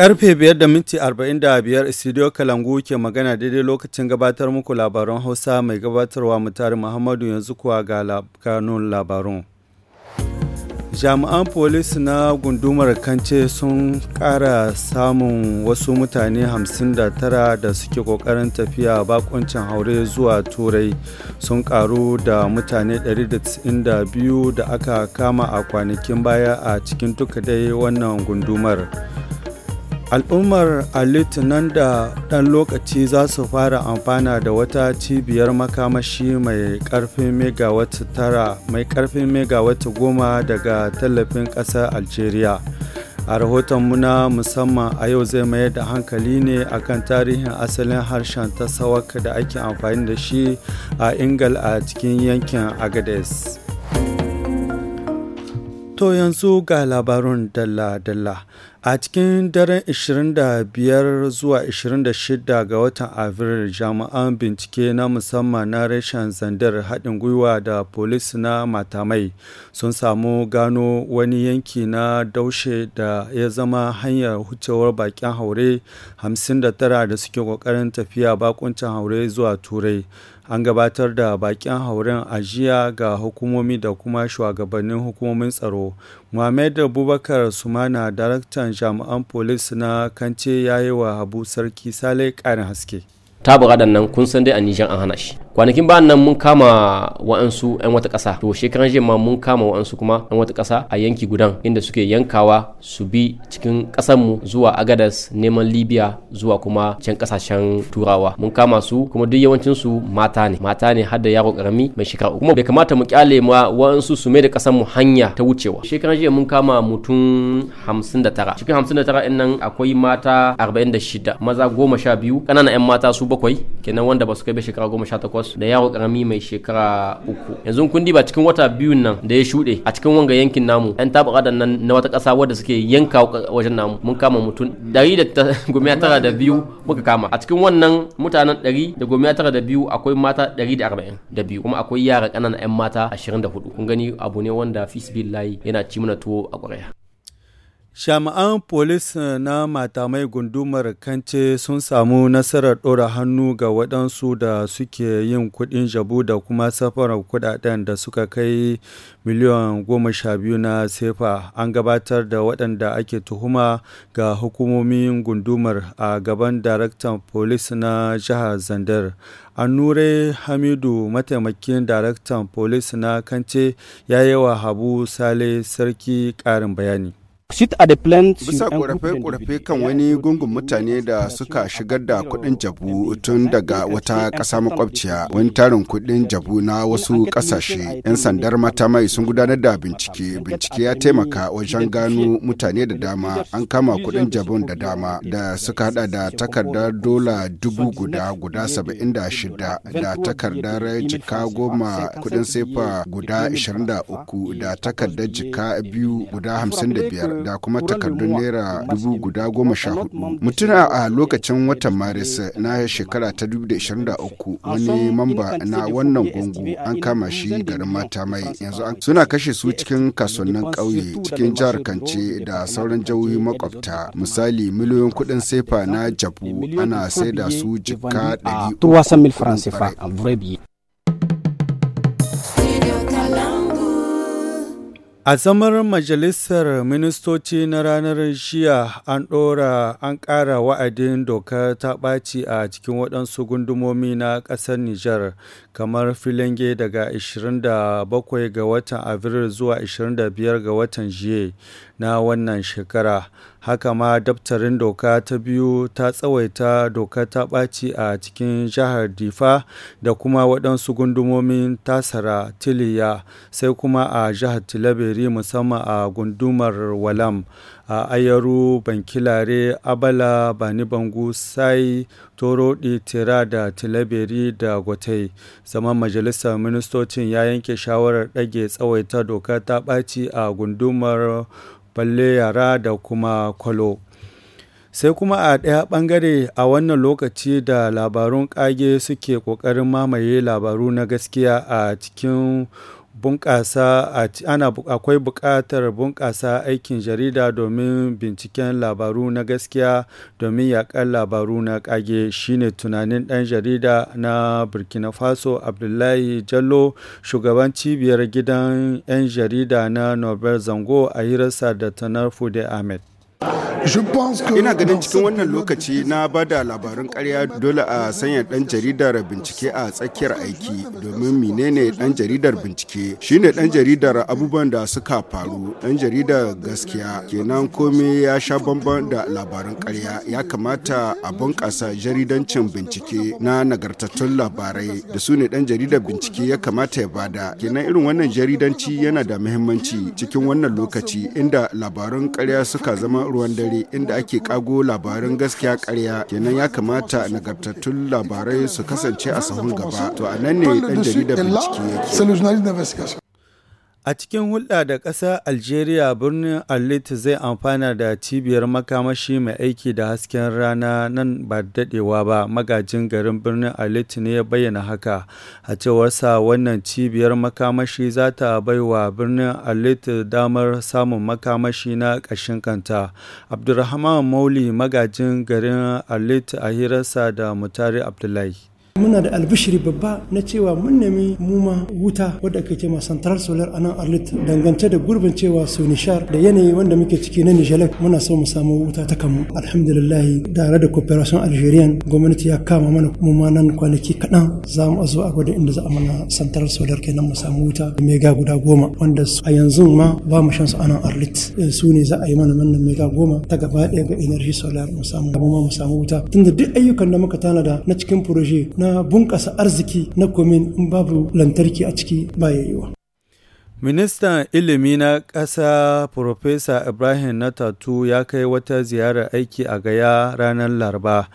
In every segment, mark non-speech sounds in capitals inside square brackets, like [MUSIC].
Karfe 545 da Studio Kalangu ke magana daidai lokacin gabatar muku labaran Hausa mai gabatarwa mutari Muhammadu yanzu kuwa ga kanun labarun. Jami'an polis na gundumar Kance sun ƙara samun wasu mutane 59 da suke ƙoƙarin tafiya bakuncin haure zuwa Turai sun ƙaru da mutane 192 da aka kama a kwanakin baya a cikin tukadai wannan gundumar. al'ummar alit nan da ɗan lokaci za su fara amfana da wata cibiyar makamashi mai ƙarfin megawatt tara mai ƙarfin megawatt goma daga tallafin ƙasar algeria a rahoton muna musamman a yau zai mayar da hankali ne a kan tarihin asalin harshen tasawak da ake amfani da shi a ingal a cikin yankin agades to yanzu ga labarun dalla-dalla a cikin daren 25 zuwa 26 ga watan abril jami'an bincike na musamman na reshen zandar haɗin gwiwa da polis na matamai sun samu gano wani yanki na daushe da ya zama hanyar hucewar bakin haure 59 da suke ƙoƙarin tafiya bakuncin haure zuwa turai an gabatar da bakin hauren ajiya ga hukumomi da kuma shugabannin hukumomin tsaro Mohamed abubakar Sumana, daraktan jami'an polis na Kance ya yi wa Habu Sarki Sale ƙarin haske. Ta nan kun san dai a Nijar an hana shi. kwanakin ba nan mun kama wa'ansu 'yan wata ƙasa to shekaran jiya ma mun kama wa'ansu kuma 'yan wata ƙasa a yanki gudan inda suke yankawa su bi cikin mu zuwa agadas neman libya zuwa kuma can ƙasashen turawa mun kama su kuma duk yawancinsu mata ne mata ne har da yaro ƙarami mai shekara kuma bai kamata mu kyale ma wa'ansu su mai da mu hanya ta wucewa shekaran jiya mun kama mutum 59 cikin 59 ɗin nan akwai mata 46 maza 12 ƙananan 'yan mata su bakwai kenan wanda ba su kai bai shekara 18 da yaro karami mai shekara uku yanzu kun diba cikin wata biyun nan da ya shuɗe a cikin wanga yankin namu yan taɓa da nan na wata ƙasa wadda suke yanka wajen namu mun kama mutum dari da [LAUGHS] gomiya tara da biyu muka kama a cikin wannan mutanen dari da gomiya tara da biyu akwai mata dari da arba'in da biyu kuma akwai yara ƙananan yan mata ashirin da hudu kun gani abu ne wanda fisbillahi yana ci mana tuwo a ƙwarya. Jami'an polis eh, na matamai gundumar Kance sun samu nasarar ɗora hannu ga waɗansu da suke yin kuɗin jabu da kuma safarar kuɗaɗen da suka kai miliyan goma sha biyu na sefa an gabatar da waɗanda ake tuhuma ga hukumomin gundumar a gaban daraktan polis na jihar Zandar. Anure Hamidu mataimakin daraktan polis na Kance ya yi wa Habu Sale Sarki ƙarin bayani. Bisa ƙorafe-ƙorafe kan wani gungun mutane da suka shigar da kuɗin jabu tun daga wata ƙasa makwabciya wani tarin kuɗin jabu na wasu ƙasashe. 'Yan sandar mata mai sun gudanar da bincike. Bincike ya taimaka wajen gano mutane da dama. An kama kuɗin jabun da dama da suka hada da takardar dola dubu guda guda saba'in da shida da takardar jika goma kuɗin sefa guda ishirin da uku da takardar jika biyu guda hamsin da biyar. da kuma takardun naira dubu guda goma sha hudu mutuna a lokacin watan maris na shekara ta 2023 wani mamba na wannan gungu an kama shi garin mata mai yanzu suna kashe su cikin kasuwannin ƙauye cikin jihar kanci da sauran jihohi makwabta misali miliyoyin kuɗin sefa na jabu ana saida su jikka ɗari. A zaman Majalisar Ministoci na ranar jiya an ɗora an ƙara wa'adin doka ta ɓaci a cikin waɗansu gundumomi na ƙasar Nijar kamar filange daga 27 ga watan Abril zuwa 25 ga watan jiye na wannan shekara. Haka ma daftarin doka ta biyu ta tsawaita doka ta ɓaci a cikin jihar Difa da kuma waɗansu gundumomin Tasara, Tiliya sai kuma a jihar Tilaberi gari musamman a gundumar walam a ayaru bankilare abala bani bangu sai torodi tira da tilaberi da Gotai, zaman majalisar ministocin ya yanke shawarar ɗage tsawaita doka ta ɓaci a gundumar balle yara da kuma kwalo sai kuma a ɗaya ɓangare a wannan lokaci da labarun ƙage suke ƙoƙarin mamaye labaru na gaskiya a cikin bunƙasa ana akwai buƙatar bunƙasa aikin jarida domin binciken labaru na gaskiya domin yaƙar labaru na ƙage shine tunanin ɗan jarida na burkina faso abdullahi jallo shugaban cibiyar gidan 'yan jarida na nobel zango a hirarsa da tanarfu fude ahmed Ina ganin cikin wannan lokaci na ba da labarin karya dole a sanya ɗan jaridar bincike a tsakiyar aiki domin menene dan jaridar bincike shine dan jaridar abubuwan da suka faru ɗan jaridar gaskiya kenan komai ya sha bamban da labarin karya ya kamata a bunƙasa jaridancin bincike na nagartattun labarai da su ne ɗan jaridar bincike ya kamata ya bada kenan irin wannan jaridanci yana da muhimmanci cikin wannan lokaci inda labarun karya suka zama ruwan dare ne inda ake kago labaran gaskiya karya kenan ya kamata nagartattun labarai su kasance a sahun gaba to a nan ne dan jaridar bincike yake A cikin hulɗa da ƙasa Algeria birnin Alit zai amfana da cibiyar makamashi mai aiki da hasken rana nan ba daɗewa ba magajin garin birnin Alit ne ya bayyana haka. A cewarsa wannan cibiyar makamashi za ta wa birnin Alit damar samun makamashi na ƙashin kanta. Abdulrahman Mauli magajin garin Alit a hirarsa da Mutari Abdullahi. muna da albishiri babba na cewa mun nemi muma wuta wadda ake cewa central solar anan arlit dangance da gurbin cewa sunishar da yanayi wanda muke ciki na nijalek muna so mu samu wuta ta kanmu alhamdulillah tare da cooperation algerian gwamnati ya kama mana muma nan kwanaki kaɗan za mu zo a gwada inda za a mana central solar kenan mu samu wuta mega guda goma wanda a yanzu ma ba mu shansu a nan arlit eh, su ne za a yi mana mana mega goma ta gaba ɗaya ga energy solar mu samu mu samu wuta tunda duk ayyukan da muka tanada na cikin proje na na bunƙasa arziki na komin in babu lantarki a ciki ba wa. Ministan ilimi na ƙasa Profesa Ibrahim Natatu ya kai wata ziyarar aiki a gaya ranar Laraba.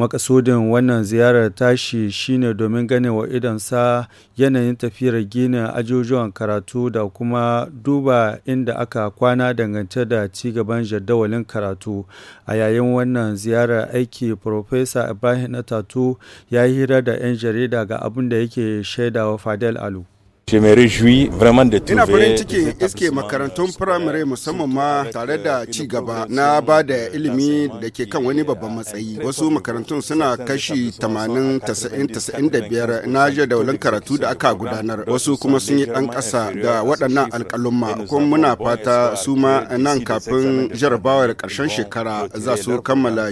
makasudin wannan ziyarar tashi shine domin gane wa idon sa yanayin tafiyar gina ajujuwan karatu da kuma duba inda aka kwana dangance da ci gaban jadawalin karatu a yayin wannan ziyarar aiki Profesa ibrahim natatu ya hira da 'yan jarida ga abin da yake shaidawa fadel alu Ina farin ciki iske makarantun firamare musamman ma tare da ci gaba na ba da ilimi da ke kan wani babban matsayi. Wasu makarantun suna kashi 80-95 na jadawalin karatu da aka gudanar. Wasu kuma sun yi ɗan kasa da waɗannan alƙalumma kuma muna fata su ma nan kafin jarabawar ƙarshen shekara za su kammala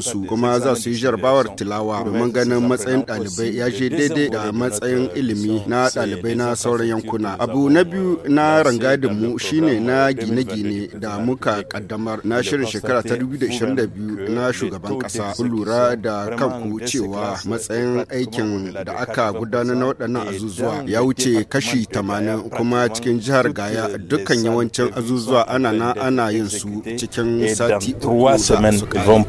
su. kuma za su yi jarabawar tilawa domin ganin matsayin ɗalibai ya je daidai da matsayin ilimi na ɗalibai na sauran yankuna abu na biyu na rangadin mu shine na gine-gine da muka kaddamar na shirin shekara ta 2022 na shugaban kasa kun lura da kanku cewa matsayin aikin da aka gudanar na waɗannan azuzuwa ya wuce kashi 80 kuma cikin jihar gaya dukkan yawancin azuzuwa ana na ana yin su cikin sati uku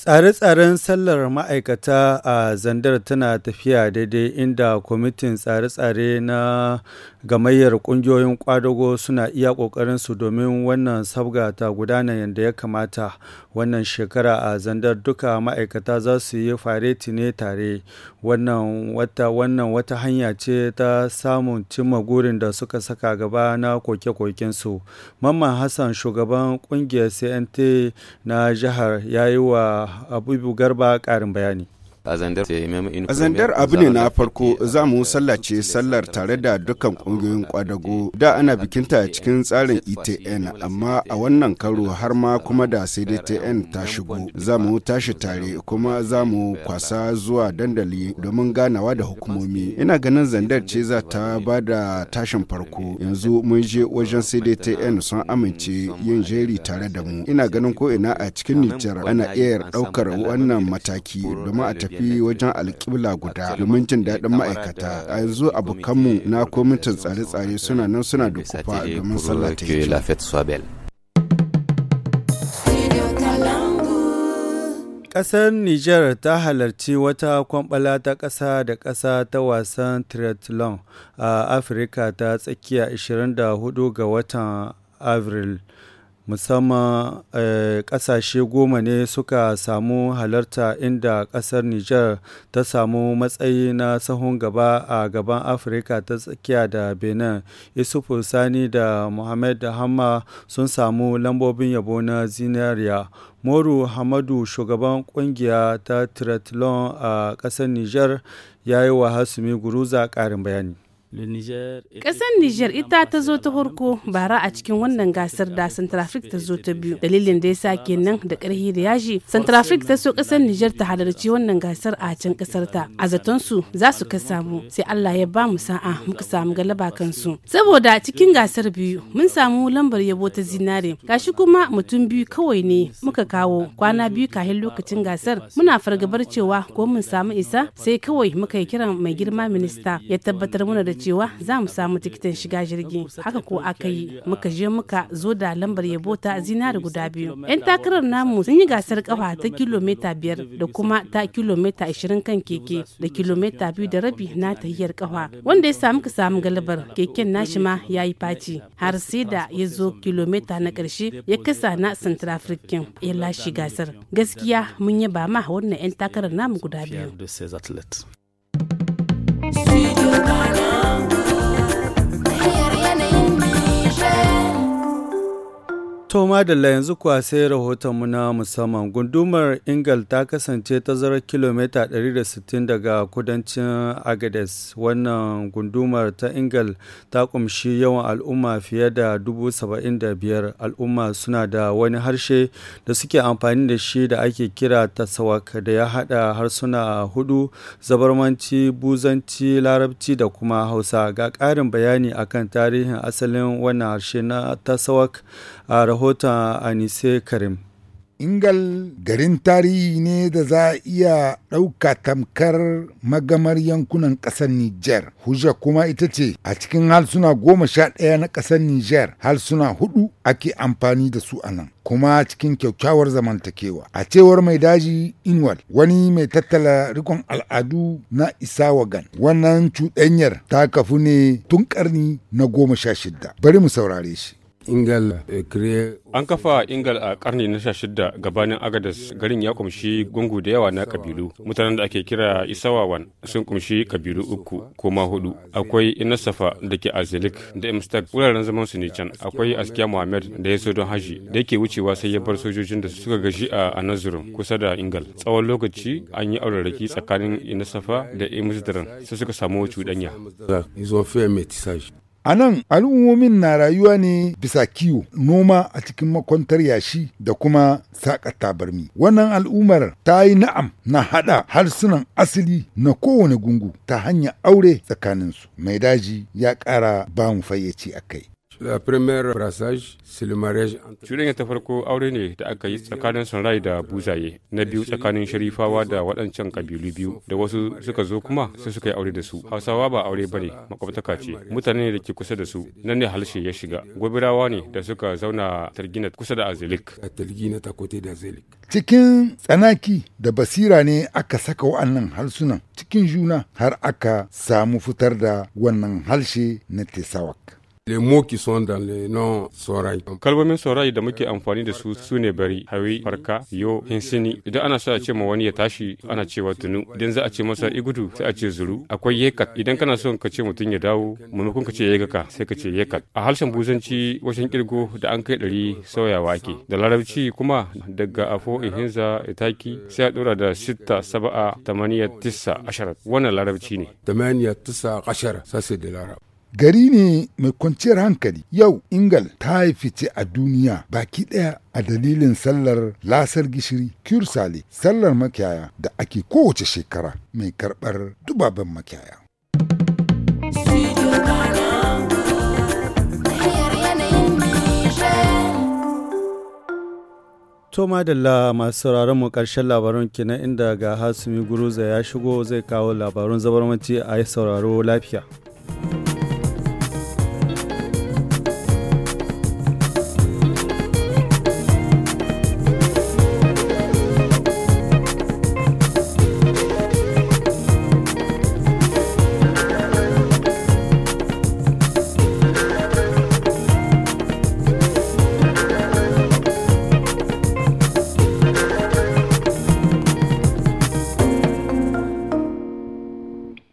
Tsare-tsaren sallar ma'aikata a zandar tana tafiya daidai inda kwamitin tsare-tsare na gamayyar ƙungiyoyin ƙwadago suna iya ƙoƙarinsu domin wannan sabga ta gudana yadda ya kamata wannan shekara a zandar duka ma'aikata za su yi fareti ne tare wannan wata wannan wata hanya ce ta samun cimma gurin da suka saka gaba na koke-kokensu mamman hassan shugaban ƙungiyar cnt na jihar ya yi wa abubu garba ƙarin bayani a zandar abu ne na farko za mu sallace sallar tare da dukkan ƙungiyoyin kwadago da ana bikinta a cikin tsarin etn amma a wannan karo har ma kuma da sai tn ta shigo za mu tashi tare kuma za mu kwasa zuwa dandali domin ganawa da hukumomi ina ganin zandar ce za ta ba da tashin farko yanzu mun je wajen cdtn sun amince yin jeri tare da mu ina ganin ko ina a cikin nijar ana iya ɗaukar wannan mataki domin a tafi wajen alƙibla guda domin jin daɗin ma'aikata a yanzu abokanmu na kwamitin tsare-tsare suna nan suna da kufa domin sallah Ƙasar Nijar ta halarci wata kwamɓala ta ƙasa da ƙasa ta wasan triathlon a Afirka ta tsakiya 24 ga watan Avril. musamman eh, ƙasashe goma ne suka samu halarta inda ƙasar Nijar ta samu matsayi na sahun gaba a gaban Afirka ta tsakiya da Benin. Isufu Sani da Mohamed Hamma sun samu lambobin yabo na zinariya. Moru Hamadu shugaban ƙungiya ta Triathlon a ƙasar Nijar ya yi wa Hasumi Guruza ƙarin bayani. Ƙasar Nijar ita ta zo ta farko bara a cikin wannan gasar da santrafik ta zo ta biyu. Dalilin da ya sa kenan da ƙarfi da yaji, centrafrique ta so ƙasar Nijar ta halarci wannan gasar a can ƙasar ta. A zaton su za su ka samu sai Allah ya ba mu sa'a muka samu galaba kansu. Saboda cikin gasar biyu mun samu lambar yabo ta zinare. Gashi kuma mutum biyu kawai ne muka kawo kwana biyu kafin lokacin gasar muna fargabar cewa ko mun samu isa sai kawai muka yi kiran mai girma minista ya tabbatar mana da cewa za mu samu tikitin shiga jirgi haka ko aka yi muka je muka zo da lambar yabo ta zinari guda biyu yan takarar namu sun yi gasar kafa ta kilomita biyar da kuma ta kilomita ashirin kan keke da kilomita biyu da rabi na tahiyar kafa wanda ya samu ka samu galabar keken nashi ma ya yi faci har sai da ya zo kilomita na karshe ya kasa na central african ya lashe gasar gaskiya mun yaba ma wannan yan takarar namu guda biyu To madalla yanzu kuwa sai rahotonmu na musamman gundumar Ingal ta kasance tazarar kilomita 160 daga kudancin Agades. Wannan gundumar ta Ingal ta kumshi yawan al'umma fiye da 75,000 al'umma suna da wani harshe da suke amfani da shi da ake kira tasawak da ya haɗa harsuna hudu zabarmanci, buzanci, larabci da kuma hausa. Ga ƙarin bayani akan tarihin asalin wannan harshe na tasawak a rahoton anise karim ingal garin tarihi ne da za a iya ɗauka tamkar magamar yankunan ƙasar Nijar. Hujja kuma ita ce a cikin halsuna goma sha ɗaya na ƙasar Nijar halsuna hudu ake amfani da su a nan. Kuma cikin kyakkyawar zamantakewa. A cewar mai daji Inwal wani mai tattala rikon al'adu na Isawagan. Wannan cuɗanyar ta kafu ne tun ƙarni na goma sha shidda. Bari mu saurare shi. Ingal eh, An kafa Ingal a karni na sha shida gabanin Agadas garin ya kumshi gungu da yawa na kabilu. Mutanen da ake kira Isawawan sun kumshi kabilu uku ko ma hudu. Akwai Inasafa da ke Azilik da Imstak wuraren zaman su ne can. Akwai Askiya Muhammad da ya so don haji da yake wucewa sai ya bar sojojin da suka gaji a Anazurum kusa da Ingal. Tsawon lokaci an yi auraraki tsakanin Inasafa da Imstak sai suka samu cuɗanya. A nan al'ummomin na rayuwa ne bisa kiwo, noma a cikin makwantar yashi da kuma saƙa tabarmi. Wannan al'ummar ta yi na'am na haɗa harsunan asali na kowane gungu ta hanyar aure tsakaninsu. Mai daji ya ƙara ba mu fayyace a kai. la première Cuɗanya ta farko aure ne da aka yi tsakanin Sunrai da Buzaye, na biyu tsakanin Sharifawa da waɗancan kabilu biyu, da wasu suka zo kuma sai suka yi aure da su. Hausawa ba aure bane makwabtaka ce, mutane ne da ke kusa da su, nan ne halshe ya shiga. gobirawa ne da suka zauna Targina kusa da azelik. Cikin tsanaki da basira ne aka saka wa'annan harsunan cikin juna har aka samu fitar da wannan halshe na Tesawak. les mots qui sont dans les noms sorai. Kalmomin sorai da muke amfani da su su ne bari, hawi, farka, yo, hinsini. Idan ana so a ce ma wani ya tashi ana cewa tunu, idan za a ce masa igudu sai a ce zuru. Akwai yekat, idan kana son ka ce mutum ya dawo, maimakon ka ce yegaka sai ka ce yekat. A harshen buzanci wajen kirgo da an kai dari sauyawa ke. Da larabci kuma daga afo ihinza itaki sai a dora da sitta saba'a tamaniya tisa ashara. Wannan larabci ne. Tamaniya tisa ashara. sasai da larabci. Gari ne mai kwanciyar hankali, yau Ingal ta fice a duniya baki ɗaya a dalilin sallar lasar gishiri Kursale, sallar makiyaya da ake kowace shekara mai karɓar dubaban makiyaya. To madalla masu sauraron mu karshen labaran kenan inda ga Hasumi Guruza ya shigo zai kawo labarun zabarmanci a yi sauraro lafiya.